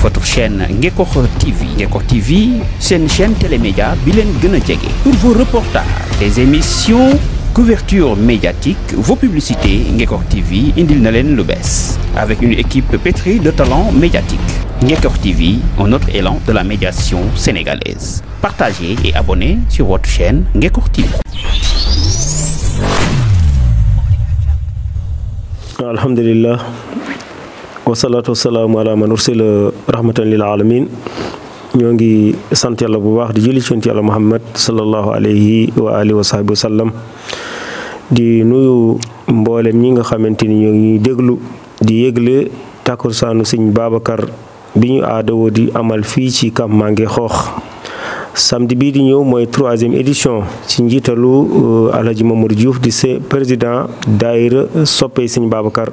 votre chaîne Gekor TV Gekor TV une chaîne télémédia bi pour vos reportages des émissions couverture médiatique vos publicités Gekor TV indil Nalen Lubes. avec une équipe pétrie de talents médiatiques Gekor TV un autre élan de la médiation sénégalaise partagez et abonnez sur votre chaîne Ngekor TV alhamdulillah wasalaatu wasalaamu ala man ursila rahmatan lil alamin ñoo ngi sant yàlla bu baax di julli ci yonent yàlla muhammad sallallahu alayhi wa alihi wa sahbi wa sallam di nuyu mboolem ñi nga xamante ni ñoo ngi déglu di yëgle takkusaanu sëñ Babacar bi ñu aadawoo di amal fii ci maa ngi Xoox samedi bii di ñëw mooy troisième édition ci njiitalu euh, Alhaji Mamadou Diouf di se président daayira soppey sëñ Babacar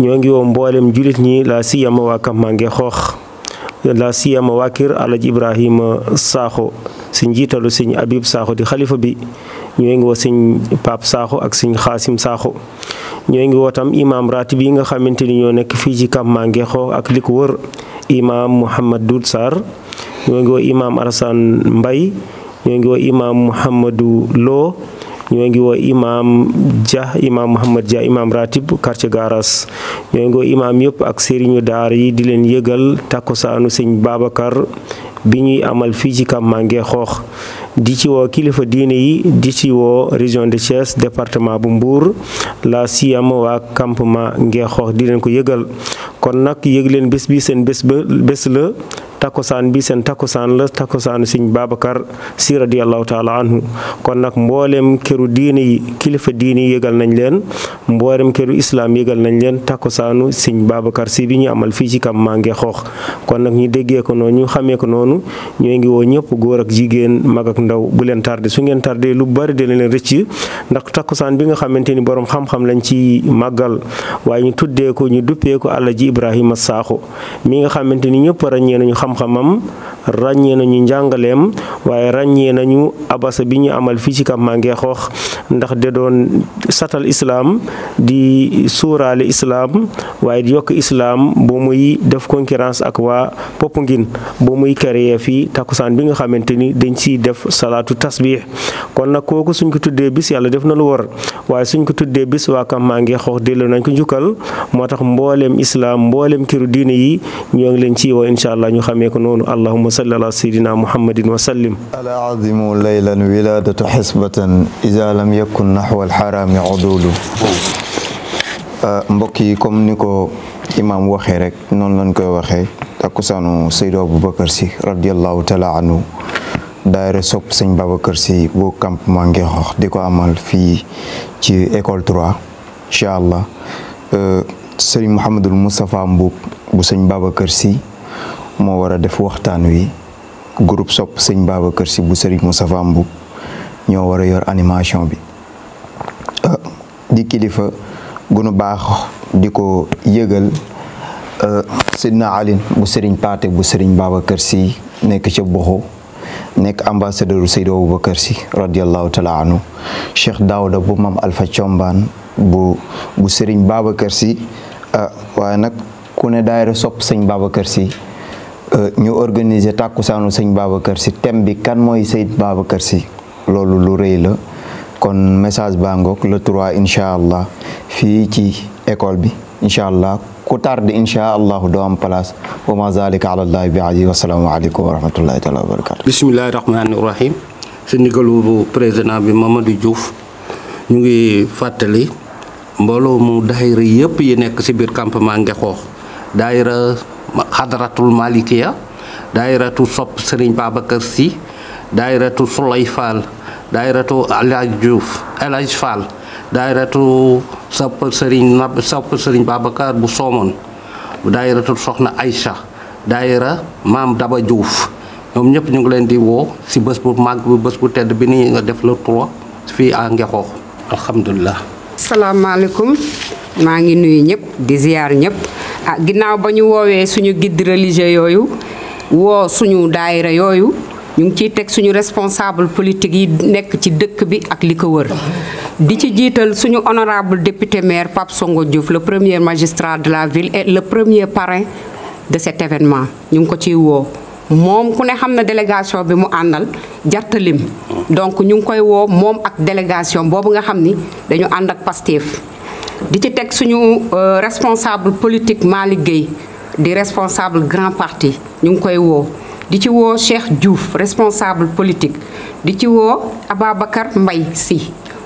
ñoo ngi woo mboolem jullit ñi laa siyama waa Kampang Ngexoox laa siyama waa kër Alhaji Ibrahima Sakho si njiitalu sëñ Habib Sakho di xalifa bi ñoo ngi woo sëñ Pape Sakho ak sëñ Xaasim Sakho ñoo ngi woo tam imaam ratib yi nga xamante ni ñoo nekk fii ci Kampang Ngexoox ak li ko wër imaam Mouhamad Doud Sarr ñoo ngi woo imaam Alassane Mbaye ñoo ngi woo imaam Mouhamadou Lo ñoo ngi woo imaam Dia imaam Mouhamad Dia imaam Ratib quartier Garas ñoo ngi woo imaam yëpp ak sëriñu daar yi di leen yëgal takkusaanu sëñ Babacar bi ñuy amal fii ci Cap Mangué-Xoox di ci woo kilifa diine yi di ci woo région de Thiès département bu mbuur la siyam waa campement Ngé di leen ko yëgal kon nag yëg leen bés bi seen bés bés la Takusan bi seen takusan la takkusaanu Sëriñ Babacar Sy radiyallahu taala anhu kon nak mbollem keru dini kilifa dini yegal nañ leen mboolem islam yegal nañ len takkusaanu sin babakar si biñu amal fisika ci kam mangé xox kon nak ñi déggé ko noonu ñu xamé ko nonu ñoo ngi wo ñepp goor ak jigen mag ak ndaw bu len tardé su ngeen tardé lu bari de len recc ndax takkusaan bi nga xamanteni borom xam-xam lañ ci magal way ñu tuddé ko ñu duppé ko Alaaji Ibrahima saxo mi nga xamanteni ñepp xam-xamam ràññee nañu wa waye ràññee nañu abassa biñu amal fisika ci mangé xox ndax de doon satal islam di suuraale Islam, waye di yok islam bo muy def concurrence ak wa popungin bo muy créer fi takusan bi nga xamanteni dañ ci def salatu tasbih kon nak koku suñ ko tuddé bis yalla def na lu wor waye suñ ko tuddé bis kam mangé xox delloo lañ ko njukkal motax tax islam islaam kiru diine yi ñoo ngi leen الإسلام يكون اللهم صل على سيدنا محمد وسلم ألا أعظم ليلا ولادة حسبة إذا لم يكن نحو الحرام عدول أه، مبكي كم نكو إمام وخيرك نون لنكو وخي تكسانو سيد أبو بكر سي رضي الله تعالى عنه دائرة سوب سين بابا كرسي بو كامب مانجي خوخ ديكو عمل في جي إيكول 3 شاء الله أه، سيد محمد المصطفى مبوك بو سين بابا كرسي moo war a def waxtaan wi group sop sëñ Babacar si bu Serigne Moustapha Mboup ñoo war a yor animation bi euh, di kilifa gunu baax di ko yëgal euh, Sidna Alin bu Serigne Paate bu Serigne Babacar si nekk ca Boxo nekk ambassadeur ba Aboubacar si radiallahu taala anhu Cheikh Daouda bu Mam Alpha Combaan bu bu Serigne Babacar si euh, waaye nag ku ne daayira sopp sëñ Babacar si Euh, ñu organiser tàkkusaanu sëñ Babacar si thème bi kan mooy Seydi Babacar si loolu lu rëy la kon message baa ngoog le trois incha allah fii ci école bi incha allah ku tarde incha allahu doo am place ma zalika ala allahi bi aziz wasalaamualeykum wa rahmatullahi taala wa barakatu bismillahi rahmani rahim si ndigalu président bi Mamadou Diouf ñu ngi fàttali mbooloo mu daayira yëpp yi nekk si biir campement Ngexoox daayira hadratul malikiya dairatu sop serigne babakar si dairatu Sulayfal, dairatu Alajuf, diouf dairatu sop serigne nab sopp serigne babakar bu somon dairatu sokhna aisha daira mam daba diouf ñom ñep ñu ngi leen di wo ci bëss bu mag bu bëss bu tedd bi ni nga def le 3 fi a ngexo alhamdullah assalamu alaykum ma ngi nuyu ñep di ziar ñep ah ginnaaw ba ñu woowee suñu guide religieux yooyu woo suñu daayira yooyu ñu ngi ciy teg suñu responsable politique yi nekk ci dëkk bi ak li ko wër di ci jiital suñu honorable député maire Pape Songo Diouf le premier magistrat de la ville et le premier parrain de cet événement ñu ngi ko ciy woo moom ku ne xam na délégation bi mu àndal jartalim donc ñu ngi koy woo moom ak délégation boobu nga xam ni dañu ànd ak pastif di ci euh, responsable politique Malik Gueye responsable grand parti ñung koy wo di ci wo Cheikh Diouf responsable politique di ci wo ababakar mbay si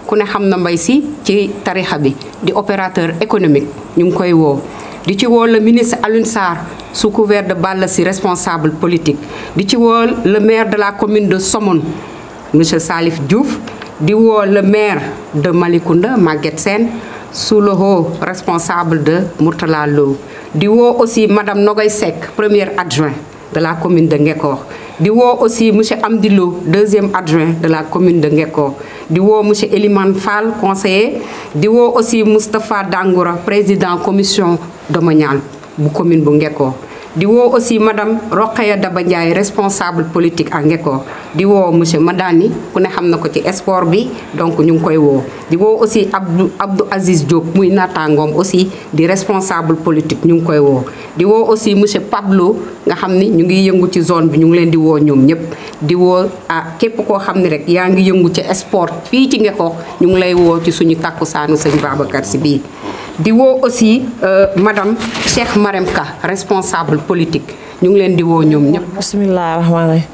ku ne xamna mbay si ci tarixa bi di opérateur économique ñung koy wo di ci wo le ministre aloun Sarr sous couvert de Balla si responsable politique di ci wo le maire de la commune de Somone monsieur Salif Diouf di wo le maire de malikunda Maguette sen sous le haut responsable de Murtala Lo di aussi madame Nogaïsek, Sek, premier adjoint de la commune de Ngekor di aussi M. Amdilou, deuxième adjoint de la commune de Ngekor di M. Eliman Fall conseiller di aussi Mustapha Dangoura président commission domaniale la commune de Ngekor di woo aussi madame Rokhaya Daba Ndiaye responsable politique ak Ngeko di woo monsieur Madani ku ne xam na ko ci sport bi donc ñu ngi koy woo di woo aussi Abdou Abdou Aziz Diop muy naataangoom aussi di responsable politique ñu ngi koy woo diwoo aussi monsieur Pablo nga xam ni ñu ngi yëngu ci zone bi ñu ngi leen di woo ñoom ñëpp di woo ah képp koo xam ni rek yaa ngi yëngu ci sport fii ci Ngeko ñu ngi lay woo ci suñu tàkku tàkkusaanu sëñ Babacar si bii di woo aussi euh, madame Cheikh Marem Ka responsable politique ñu ngi leen di woo ñoom ñëpp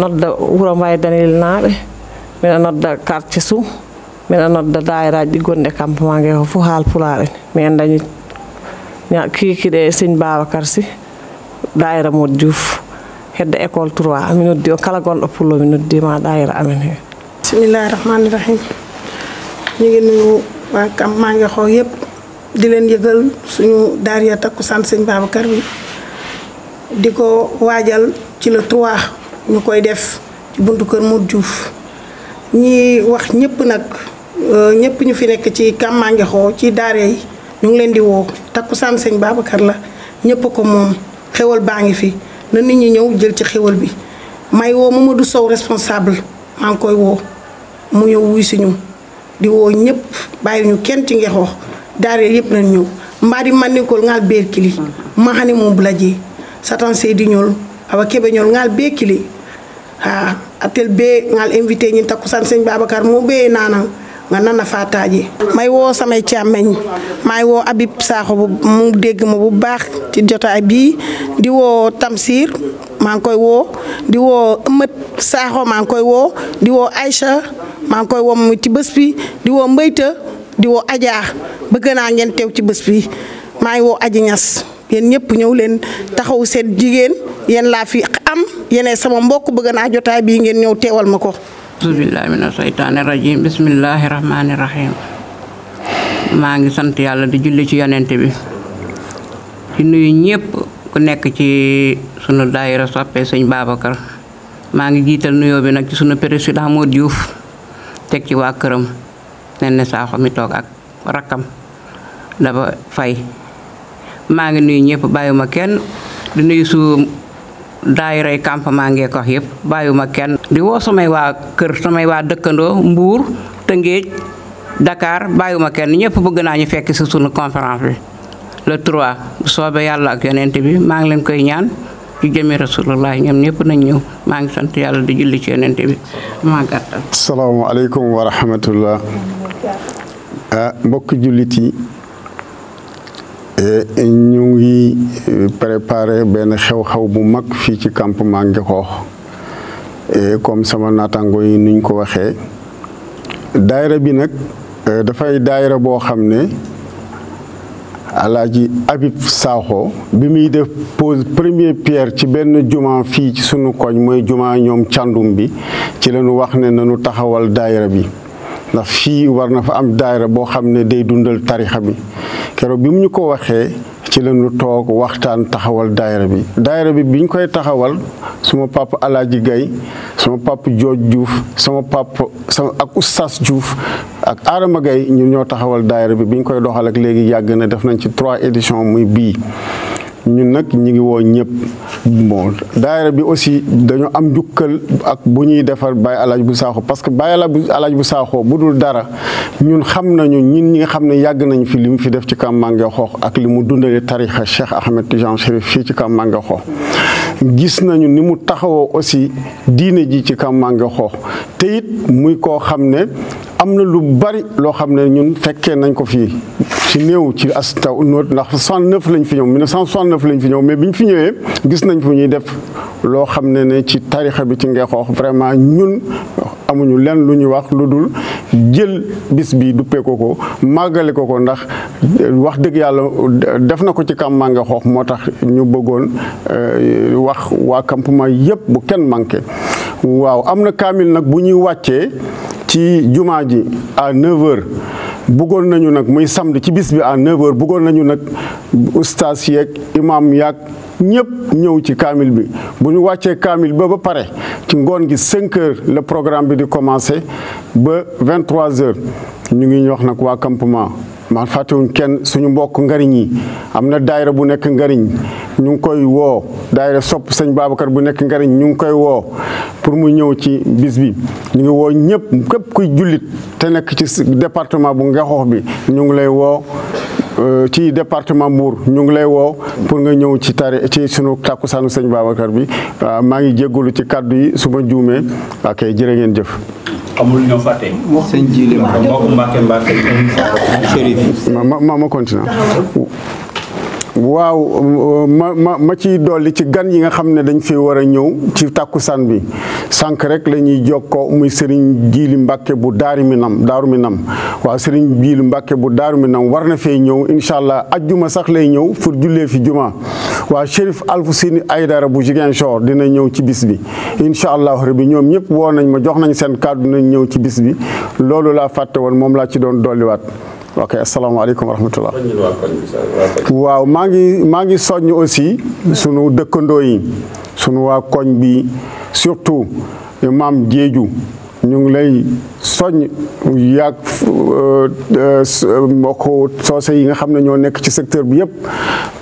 nodda wuro mbay danil naaɓe mbiɗa nodda quartier sum mbiɗa nodda dayiraji ɗi gonɗe campement gue ko fof haalpulaar en min dañi kiikiɗe e seigne babacar sy dayira mod diouf hedde école 3 mi noddi o kala gonɗo pullo mi noddima dayira amen he bisimillahi rahmani rahim ñu ngi nuyu waa campement di leen yëgal suñu takku takkusaan sëñ Babacar bi di ko waajal ci la 3 ñu koy def ci buntu kër Modou juuf ñi wax ñëpp nag euh, ñëpp ñu fi nekk ci Kàmmaangexoo ci daara yi ñu ngi leen di woo takkusaan sëñ Babacar la ñëpp ko moom xewal baa ngi fi na nit ñi ñëw jël ci xewal bi may woo Mamadou Sow responsable maa ngi koy woo mu ñëw wuy si ñu di woo ñëpp bàyyi ñu kenn ci ngexoo daare yeb nan ñew mbaadi manikol ngal berkili ma xani mo bulaji satan seydi ñol awa kebe ñol ngal bekili ha ah, atel be ngal invité ñi takusan seigne babakar mo be nana nga nana fataaji may wo samay chamagne may wo abib saxo mu deg mo bu baax ci jotaay bi di wo tamsir mang koy wo di wo eumet saxo mang koy wo di wo aisha mang koy wo mu ci bëss bi di wo mbeyte di wo aja bëgg na ngeen tew ci bëss bi may wo aji ñass yeen ñepp ñew leen taxaw seen jigen yeen la fi am yene sama mbokk bëgg na jotaay bi ngeen ñew téwal mako subhanallahi bismillahi mina rajim bismillahir rahmanir rahim ma ngi sant yalla di julli ci yonent bi ci nuyu ñepp ku nekk ci sunu daayira soppe señ babakar ma ngi jital nuyoo bi nak ci sunu président Modou Diouf teg ci wa kërëm sa saaxo mi tok ak rakam daba fay ma ngi nuy ñepp bayuma kenn di nuy su camp ma ngee ko xep bayuma kenn di wo samay wa kër samay waa dëkkandoo mbuur tëngéej dakar bayuma kenn ñepp bëgg na ñu fekk ci sunu conférence bi le 3 bu soobee yàlla ak yonent bi ma ngi leen koy ñaan ci jëmi rasulullah ñam ñepp nañ ñew ma ngi sant yalla di julli ci yonent bi gattal assalamu alaykum wa rahmatullah ah mbokk jullit yi eh, ñu ngi eh, préparé benn xew-xew bu mag fii ci campement Ngexoox eh, comme sama naataango yi nuñ ko waxee daayira bi nag dafay daayira boo xam ne alaaji Habib Sakho bi muy def pose première pierre ci benn juma fii ci sunu koñ mooy juma ñoom càndum bi ci lañu wax ne nañu taxawal daayira bi ndax fii war na fa am daayira boo xam ne day dundal tarixa bi keroog bi mu ñu ko waxee ci lañu toog waxtaan taxawal daayira bi daayira bi bi ñu koy taxawal suma papa Alaaji Gay suma papa Jooj Diouf sama papa sama ak Oustaz Diouf ak Adama Gay ñu ñoo taxawal daayira bi biñ koy doxal ak léegi yàgg na def nañ ci trois éditions muy bii ñun nag ñi ngi woo ñëpp bon daayira bi aussi dañu am jukkal ak bu ñuy defar Baye Alaaji bu Saaxo parce que Baye Alaaji bu Saaxo bu dul dara ñun xam nañu ñun ñi nga xam ne yàgg nañu fi li mu fi def ci Kàmmange xoox ak li mu dundalee tarixa Cheikh Ahmed Tidiane Chérif fii ci Kàmmange xoox gis nañu ni mu taxawoo aussi diine ji ci Kàmmange xoox te it muy koo xam ne am na lu bari loo xam ne ñun fekkee nañ ko fii ci néew ci as taw ndax 69 lañ fi ñëw 1969 lañ fi ñëw mais biñ fi ñëwee gis nañ fu ñuy def loo xam ne ne ci tarixa bi ci Ngeexoox vraiment ñun amuñu lenn lu ñuy wax lu dul jël bis bi duppee ko ko màggale ko ko ndax wax dëgg yàlla def na ko ci campement Ngeexoox moo tax ñu bëggoon euh, wax waa campement yépp bu kenn manqué waaw am na kaamil nag bu ñuy wàccee ci jumaa ji à 9h. bëggoon nañu nag muy samedi ci bis bi à 9h bëggoon nañu nag ustaas yeeg imaam yaag ñëpp ñëw ci kaamil bi bu ñu wàccee kaamil ba ba pare ci ngoon gi 5 heures le programme bi di commencé ba 23 heures ñu ngi wax nag waa campement. man fàttewuñ kenn suñu mbokk ngariñ yi am na daayira bu nekk ngariñ ñu ngi koy woo daayira sopp sëñ Babacar bu nekk ngariñ ñu ngi koy woo pour mu ñëw ci bis bi ñu ngi woo ñëpp képp kuy jullit te nekk ci département bu Ngexoox bi ñu ngi lay woo euh, ci département Mbour ñu ngi lay woo pour nga ñëw ci tari ci sunu tàkkusaanu sëñ Babacar bi maa ngi jéggalu ci kàddu yi su ma juumee ak jërë ngeen jëf xamul ñoo fàtte. sëñ Jili Mbacke mbokk ma ma waaw ma ma ma ciy dolli ci gan yi nga xam ne dañ fi war a ñëw ci tàkkusaan bi sànq rek la ñuy jokkoo muy Serigne Djili Mbacke bu Daaru Minam Daaru Minam waaw Serigne Djili Mbacke bu Daaru Minam war na ñëw incha allah ajjuma sax lay ñëw pour jullee fi juma waaw Chérif Alfoussini Aydara bu Ziguinchor dina ñëw ci bis bi incha allah rabbi ñoom ñëpp woo nañ ma jox nañ seen kàddu nañ ñëw ci bis bi loolu laa fàtte woon moom laa ci doon dolliwaat. ok asalaamaaleykum wa rahmatullah waaw maa ngi maa ngi soññ aussi sunu dëkkandoo yi sunu waa koñ bi surtout maam Diédhiou ñu ngi lay soññ yaag euh, euh, mbokku soose yi nga xam ne ñoo nekk ci secteur bi yëpp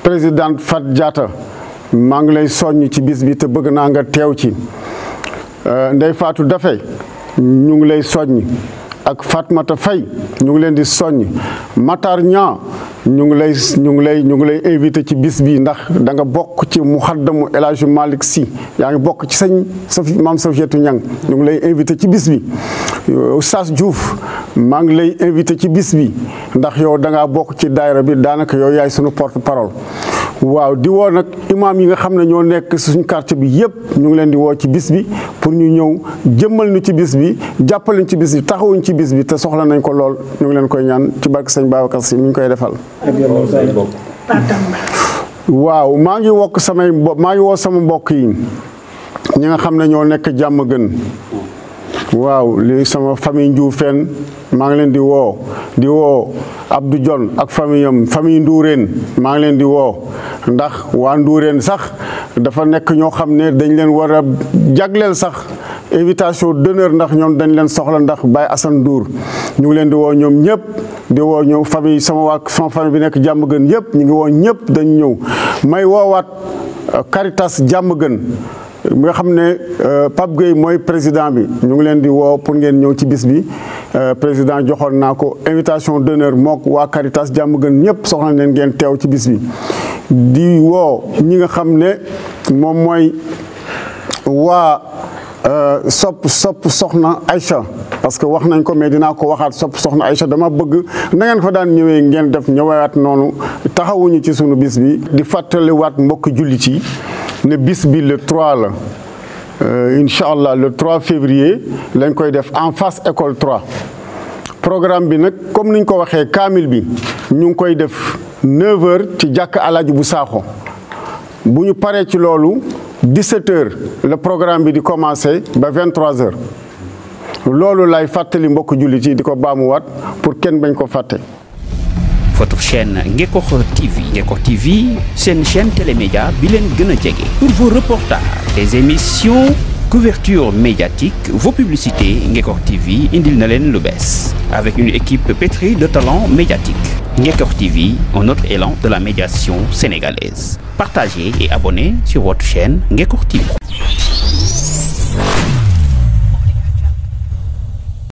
président Fat jaata maa ngi lay soññ ci bis bi te bëgg naa nga teew ci euh, Ndeye Fatou dafe ñu ngi lay soññ ak Fatmata Faye ñu ngi leen di soññ Matar Ñan ñu ngi lay ñu ngi lay ñu ngi lay invité ci bis bi ndax danga bokk ci muxaddamu El Hadj Malick Sy yaa ngi bokk ci sañ Sofi maam Sofietu Ñang ñu ngi lay invité ci bis bi Oustaz Diouf maa ngi lay invité ci bis bi ndax yow da ngaa bokk ci daayira bi daanaka yow yaay sunu porte parole waaw di woo nag imaam yi nga xam ne ñoo nekk suñ quartier bi yëpp ñu ngi leen di woo ci bis bi pour ñu ñëw jëmmal ñu ci bis bi jàppal ñu ci bis bi taxawuñ ci bis bi te soxla nañ ko lool ñu ngi leen koy ñaan ci barke sëñ Babacar Sy mi ñu koy defal waaw maa ngi wokk samay maa ngi woo sama mbokk yi ñi nga xam ne ñoo nekk jàmm gën waaw li sama famille Ndioufène maa ngi leen di woo di woo abdu Dione ak famille am famille nduureen maa ngi leen di woo ndax waa nduureen sax dafa nekk ñoo xam ne dañ leen war a jagleel sax invitation d'honneur ndax ñoom dañ leen soxla ndax baay Assane Ndour ñu ngi leen di woo ñoom ñëpp di woo ñoom famille sama waa sama bi nekk jàmm gën yëpp ñu ngi woo ñëpp dañ ñëw may woowaat karitas jàmm gën mi nga xam ne euh, Pape Gueye mooy président bi ñu ngi leen di woo pour ngeen ñëw ci bis bi euh, président joxoon naa ko invitation d'honneur mook waa Caritas jàmm gën ñëpp soxna leen ngeen teew ci bis bi di woow ñi nga xam ne moom mooy waa euh, sopp sopp soxna Aïcha parce que wax nañ ko mais dinaa ko waxaat sopp soxna Aïcha dama bëgg na ngeen fa daan ñëwee ngeen def ñëwaat noonu taxawuñu ci sunu bis bi di fàttaliwaat mbokk jullit yi ne bis bi le 3 la euh, allah le 3 février lañ koy def en face école 3 programme bi nak comme niñ ko waxé kamil bi ñu koy def 9h ci jakk aladju bu saxo buñu paré ci lolu 17h le programme bi di commencer ba 23h lolu lay fàttali mbokk jullit yi di ko wat pour kenn bañ ko faté votre chaîne Ngeko TV. Ngeko TV, c'est une chaîne télémédia Bilen Pour vos reportages, les émissions, couverture médiatique, vos publicités, Ngeko TV, Indil Nalen Lubes. Avec une équipe pétrie de talents médiatiques. Ngeko TV, un autre élan de la médiation sénégalaise. Partagez et abonnez sur votre chaîne Ngeko TV.